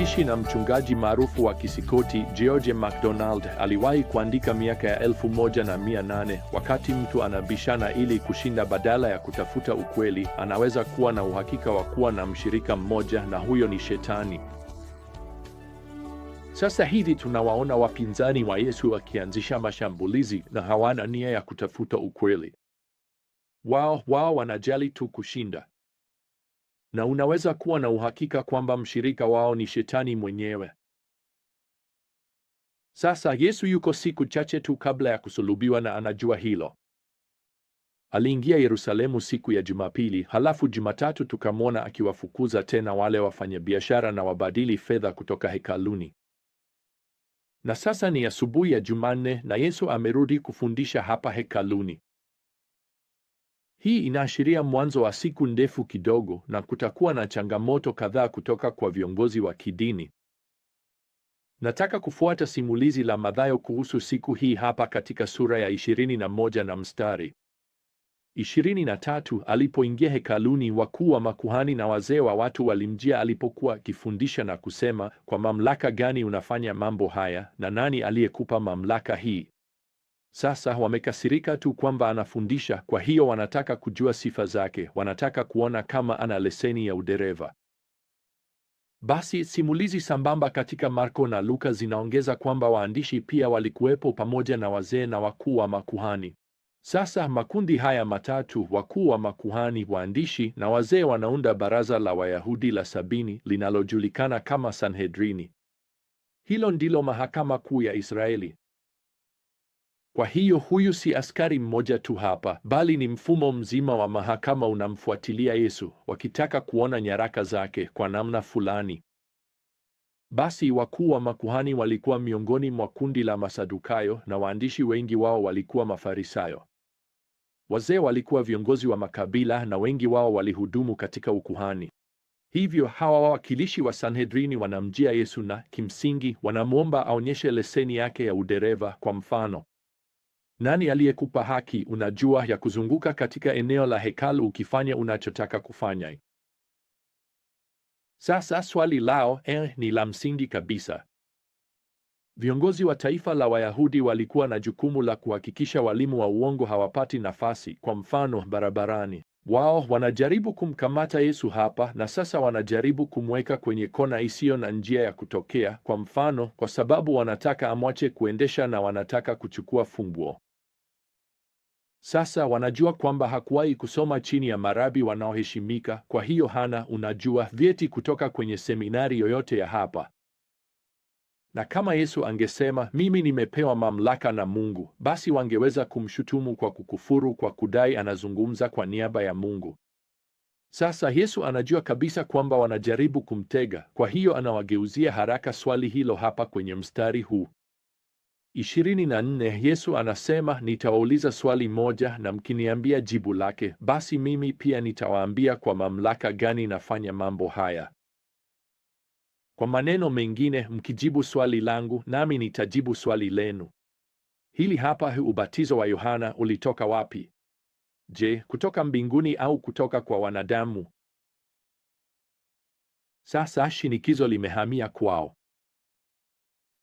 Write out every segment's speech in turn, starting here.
Mwandishi na mchungaji maarufu wa Kisikoti George MacDonald aliwahi kuandika miaka ya elfu moja na mia nane wakati mtu anabishana ili kushinda badala ya kutafuta ukweli, anaweza kuwa na uhakika wa kuwa na mshirika mmoja, na huyo ni Shetani. Sasa hivi tunawaona wapinzani wa Yesu wakianzisha mashambulizi na hawana nia ya kutafuta ukweli. Wao wao wanajali tu kushinda na unaweza kuwa na uhakika kwamba mshirika wao ni shetani mwenyewe. Sasa Yesu yuko siku chache tu kabla ya kusulubiwa na anajua hilo. Aliingia Yerusalemu siku ya Jumapili, halafu Jumatatu tukamwona akiwafukuza tena wale wafanyabiashara na wabadili fedha kutoka hekaluni. Na sasa ni asubuhi ya Jumanne na Yesu amerudi kufundisha hapa hekaluni. Hii inaashiria mwanzo wa siku ndefu kidogo na kutakuwa na changamoto kadhaa kutoka kwa viongozi wa kidini. Nataka kufuata simulizi la Mathayo kuhusu siku hii hapa katika sura ya 21 na mstari 23. Alipoingia hekaluni, wakuu wa makuhani na wazee wa watu walimjia alipokuwa akifundisha na kusema, kwa mamlaka gani unafanya mambo haya, na nani aliyekupa mamlaka hii? Sasa wamekasirika tu kwamba anafundisha, kwa hiyo wanataka kujua sifa zake, wanataka kuona kama ana leseni ya udereva. Basi simulizi sambamba katika Marko na Luka zinaongeza kwamba waandishi pia walikuwepo pamoja na wazee na wakuu wa makuhani. Sasa makundi haya matatu, wakuu wa makuhani, waandishi na wazee, wanaunda baraza la Wayahudi la sabini linalojulikana kama Sanhedrini. Hilo ndilo mahakama kuu ya Israeli. Kwa hiyo huyu si askari mmoja tu hapa, bali ni mfumo mzima wa mahakama unamfuatilia Yesu, wakitaka kuona nyaraka zake kwa namna fulani. Basi wakuu wa makuhani walikuwa miongoni mwa kundi la Masadukayo, na waandishi wengi wao walikuwa Mafarisayo. Wazee walikuwa viongozi wa makabila, na wengi wao walihudumu katika ukuhani. Hivyo hawa wawakilishi wa Sanhedrini wanamjia Yesu na kimsingi wanamwomba aonyeshe leseni yake ya udereva, kwa mfano. Nani aliyekupa haki, unajua, ya kuzunguka katika eneo la hekalu ukifanya unachotaka kufanya? Sasa swali lao eh, ni la msingi kabisa. Viongozi wa taifa la Wayahudi walikuwa na jukumu la kuhakikisha walimu wa uongo hawapati nafasi. Kwa mfano, barabarani, wao wanajaribu kumkamata Yesu hapa na sasa, wanajaribu kumweka kwenye kona isiyo na njia ya kutokea, kwa mfano, kwa sababu wanataka amwache kuendesha na wanataka kuchukua funguo. Sasa wanajua kwamba hakuwahi kusoma chini ya marabi wanaoheshimika. Kwa hiyo hana, unajua, vyeti kutoka kwenye seminari yoyote ya hapa. Na kama Yesu angesema mimi nimepewa mamlaka na Mungu, basi wangeweza kumshutumu kwa kukufuru, kwa kudai anazungumza kwa niaba ya Mungu. Sasa Yesu anajua kabisa kwamba wanajaribu kumtega, kwa hiyo anawageuzia haraka swali hilo hapa kwenye mstari huu ishirini na nne Yesu anasema, nitawauliza swali moja, na mkiniambia jibu lake, basi mimi pia nitawaambia kwa mamlaka gani nafanya mambo haya. Kwa maneno mengine, mkijibu swali langu, nami nitajibu swali lenu. Hili hapa: ubatizo wa Yohana ulitoka wapi? Je, kutoka mbinguni au kutoka kwa wanadamu? Sasa shinikizo limehamia kwao.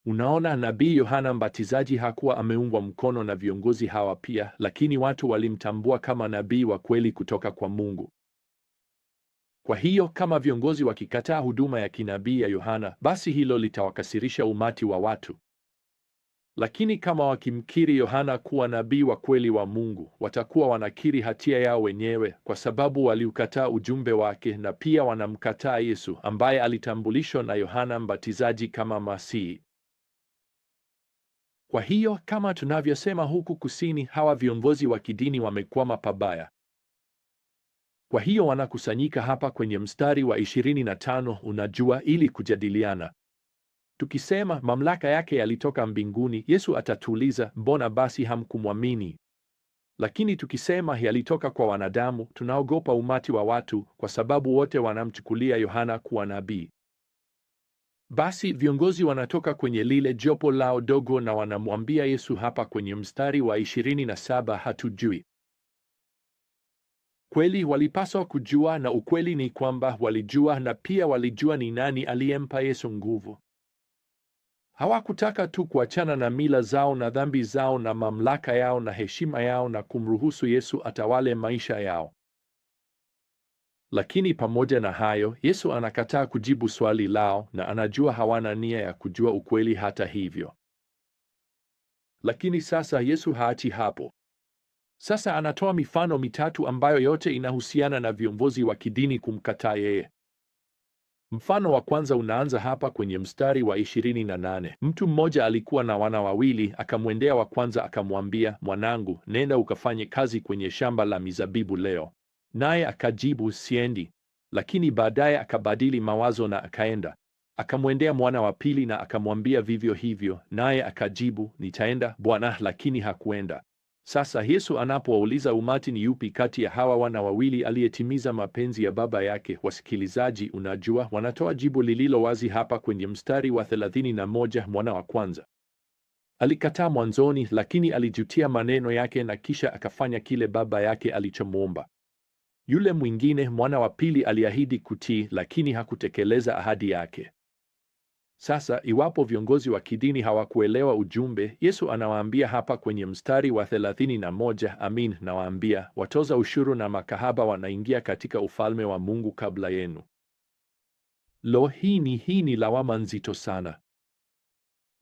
Unaona, nabii Yohana Mbatizaji hakuwa ameungwa mkono na viongozi hawa pia, lakini watu walimtambua kama nabii wa kweli kutoka kwa Mungu. Kwa hiyo kama viongozi wakikataa huduma ya kinabii ya Yohana, basi hilo litawakasirisha umati wa watu. Lakini kama wakimkiri Yohana kuwa nabii wa kweli wa Mungu, watakuwa wanakiri hatia yao wenyewe, kwa sababu waliukataa ujumbe wake na pia wanamkataa Yesu ambaye alitambulishwa na Yohana Mbatizaji kama Masihi. Kwa hiyo kama tunavyosema huku kusini, hawa viongozi wa kidini wamekwama pabaya. Kwa hiyo wanakusanyika hapa kwenye mstari wa 25, unajua, ili kujadiliana. Tukisema mamlaka yake yalitoka mbinguni, Yesu atatuuliza mbona basi hamkumwamini? Lakini tukisema yalitoka kwa wanadamu, tunaogopa umati wa watu, kwa sababu wote wanamchukulia Yohana kuwa nabii. Basi viongozi wanatoka kwenye lile jopo lao dogo na wanamwambia Yesu hapa kwenye mstari wa 27, hatujui. Kweli walipaswa kujua, na ukweli ni kwamba walijua, na pia walijua ni nani aliyempa Yesu nguvu. Hawakutaka tu kuachana na mila zao na dhambi zao na mamlaka yao na heshima yao na kumruhusu Yesu atawale maisha yao. Lakini pamoja na hayo, Yesu anakataa kujibu swali lao na anajua hawana nia ya kujua ukweli hata hivyo. Lakini sasa Yesu haachi hapo. Sasa anatoa mifano mitatu ambayo yote inahusiana na viongozi wa kidini kumkataa yeye. Mfano wa kwanza unaanza hapa kwenye mstari wa 28. Mtu mmoja alikuwa na wana wawili, akamwendea wa kwanza akamwambia, mwanangu, nenda ukafanye kazi kwenye shamba la mizabibu leo, Naye akajibu siendi. Lakini baadaye akabadili mawazo na akaenda akamwendea mwana wa pili na akamwambia vivyo hivyo, naye akajibu nitaenda bwana, lakini hakuenda. Sasa Yesu anapowauliza umati ni yupi kati ya hawa wana wawili aliyetimiza mapenzi ya baba yake, wasikilizaji, unajua wanatoa jibu lililo wazi hapa kwenye mstari wa 31. Mwana wa kwanza alikataa mwanzoni, lakini alijutia maneno yake na kisha akafanya kile baba yake alichomwomba. Yule mwingine mwana wa pili aliahidi kutii, lakini hakutekeleza ahadi yake. Sasa iwapo viongozi wa kidini hawakuelewa ujumbe, Yesu anawaambia hapa kwenye mstari wa 31, amin nawaambia, watoza ushuru na makahaba wanaingia katika ufalme wa Mungu kabla yenu. Lo, hii ni hii ni lawama nzito sana.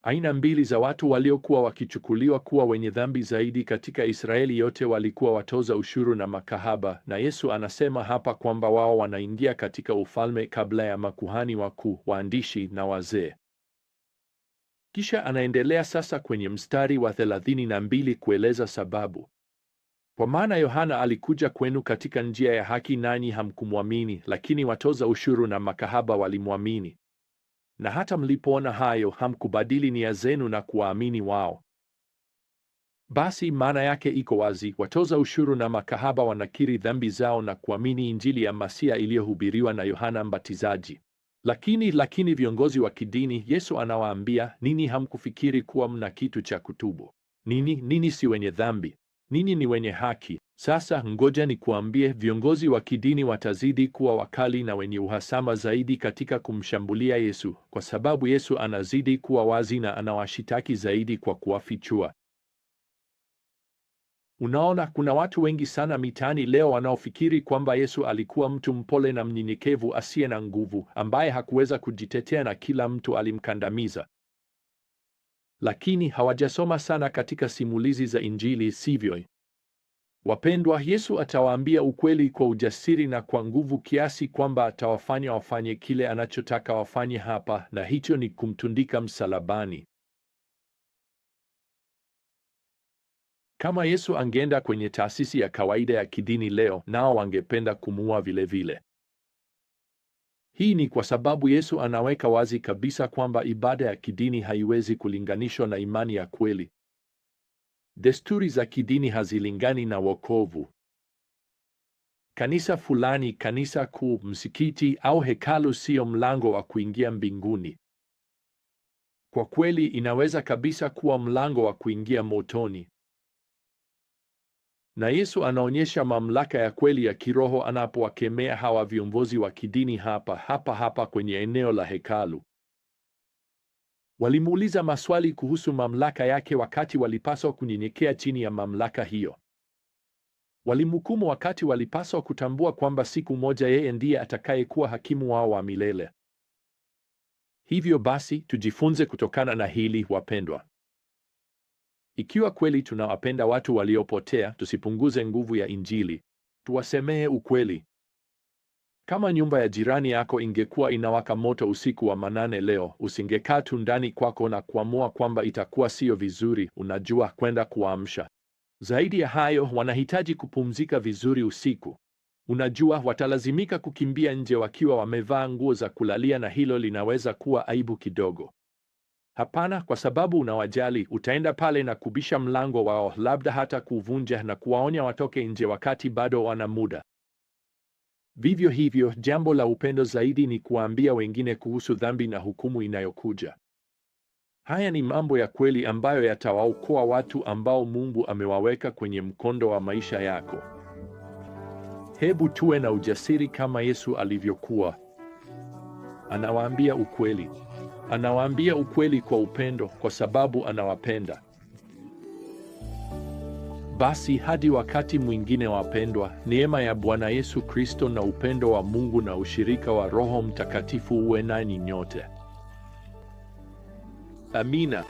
Aina mbili za watu waliokuwa wakichukuliwa kuwa wenye dhambi zaidi katika Israeli yote walikuwa watoza ushuru na makahaba, na Yesu anasema hapa kwamba wao wanaingia katika ufalme kabla ya makuhani wakuu, waandishi na wazee. Kisha anaendelea sasa kwenye mstari wa 32 kueleza sababu. Kwa maana Yohana alikuja kwenu katika njia ya haki, nanyi hamkumwamini, lakini watoza ushuru na makahaba walimwamini. Na hata mlipoona hayo, hamkubadili nia zenu na kuwaamini wao. Basi maana yake iko wazi: watoza ushuru na makahaba wanakiri dhambi zao na kuamini injili ya Masia iliyohubiriwa na Yohana Mbatizaji. Lakini lakini viongozi wa kidini, Yesu anawaambia nini? Hamkufikiri kuwa mna kitu cha kutubu? Nini nini, si wenye dhambi? Ninyi ni wenye haki. Sasa ngoja nikuambie, viongozi wa kidini watazidi kuwa wakali na wenye uhasama zaidi katika kumshambulia Yesu, kwa sababu Yesu anazidi kuwa wazi na anawashitaki zaidi kwa kuwafichua. Unaona, kuna watu wengi sana mitaani leo wanaofikiri kwamba Yesu alikuwa mtu mpole na mnyenyekevu asiye na nguvu, ambaye hakuweza kujitetea na kila mtu alimkandamiza lakini hawajasoma sana katika simulizi za Injili, sivyo? Wapendwa, Yesu atawaambia ukweli kwa ujasiri na kwa nguvu kiasi kwamba atawafanya wafanye kile anachotaka wafanye hapa, na hicho ni kumtundika msalabani. Kama Yesu angeenda kwenye taasisi ya kawaida ya kidini leo, nao wangependa kumuua vile vile. Hii ni kwa sababu Yesu anaweka wazi kabisa kwamba ibada ya kidini haiwezi kulinganishwa na imani ya kweli. Desturi za kidini hazilingani na wokovu. Kanisa fulani, kanisa kuu, msikiti au hekalu sio mlango wa kuingia mbinguni. Kwa kweli, inaweza kabisa kuwa mlango wa kuingia motoni. Na Yesu anaonyesha mamlaka ya kweli ya kiroho anapowakemea hawa viongozi wa kidini hapa hapa hapa kwenye eneo la hekalu. Walimuuliza maswali kuhusu mamlaka yake wakati walipaswa kunyenyekea chini ya mamlaka hiyo. Walimhukumu wakati walipaswa kutambua kwamba siku moja yeye ndiye atakayekuwa hakimu wao wa milele. Hivyo basi, tujifunze kutokana na hili wapendwa. Ikiwa kweli tunawapenda watu waliopotea, tusipunguze nguvu ya Injili, tuwasemee ukweli. Kama nyumba ya jirani yako ingekuwa inawaka moto usiku wa manane leo, usingekaa tu ndani kwako na kuamua kwamba itakuwa sio vizuri, unajua, kwenda kuwaamsha. Zaidi ya hayo, wanahitaji kupumzika vizuri usiku. Unajua, watalazimika kukimbia nje wakiwa wamevaa nguo za kulalia, na hilo linaweza kuwa aibu kidogo. Hapana, kwa sababu unawajali, utaenda pale na kubisha mlango wao, labda hata kuvunja na kuwaonya watoke nje wakati bado wana muda. Vivyo hivyo, jambo la upendo zaidi ni kuwaambia wengine kuhusu dhambi na hukumu inayokuja. Haya ni mambo ya kweli ambayo yatawaokoa watu ambao Mungu amewaweka kwenye mkondo wa maisha yako. Hebu tuwe na ujasiri kama Yesu alivyokuwa. Anawaambia ukweli. Anawaambia ukweli kwa upendo kwa sababu anawapenda. Basi hadi wakati mwingine wapendwa, neema ya Bwana Yesu Kristo na upendo wa Mungu na ushirika wa Roho Mtakatifu uwe nanyi nyote. Amina.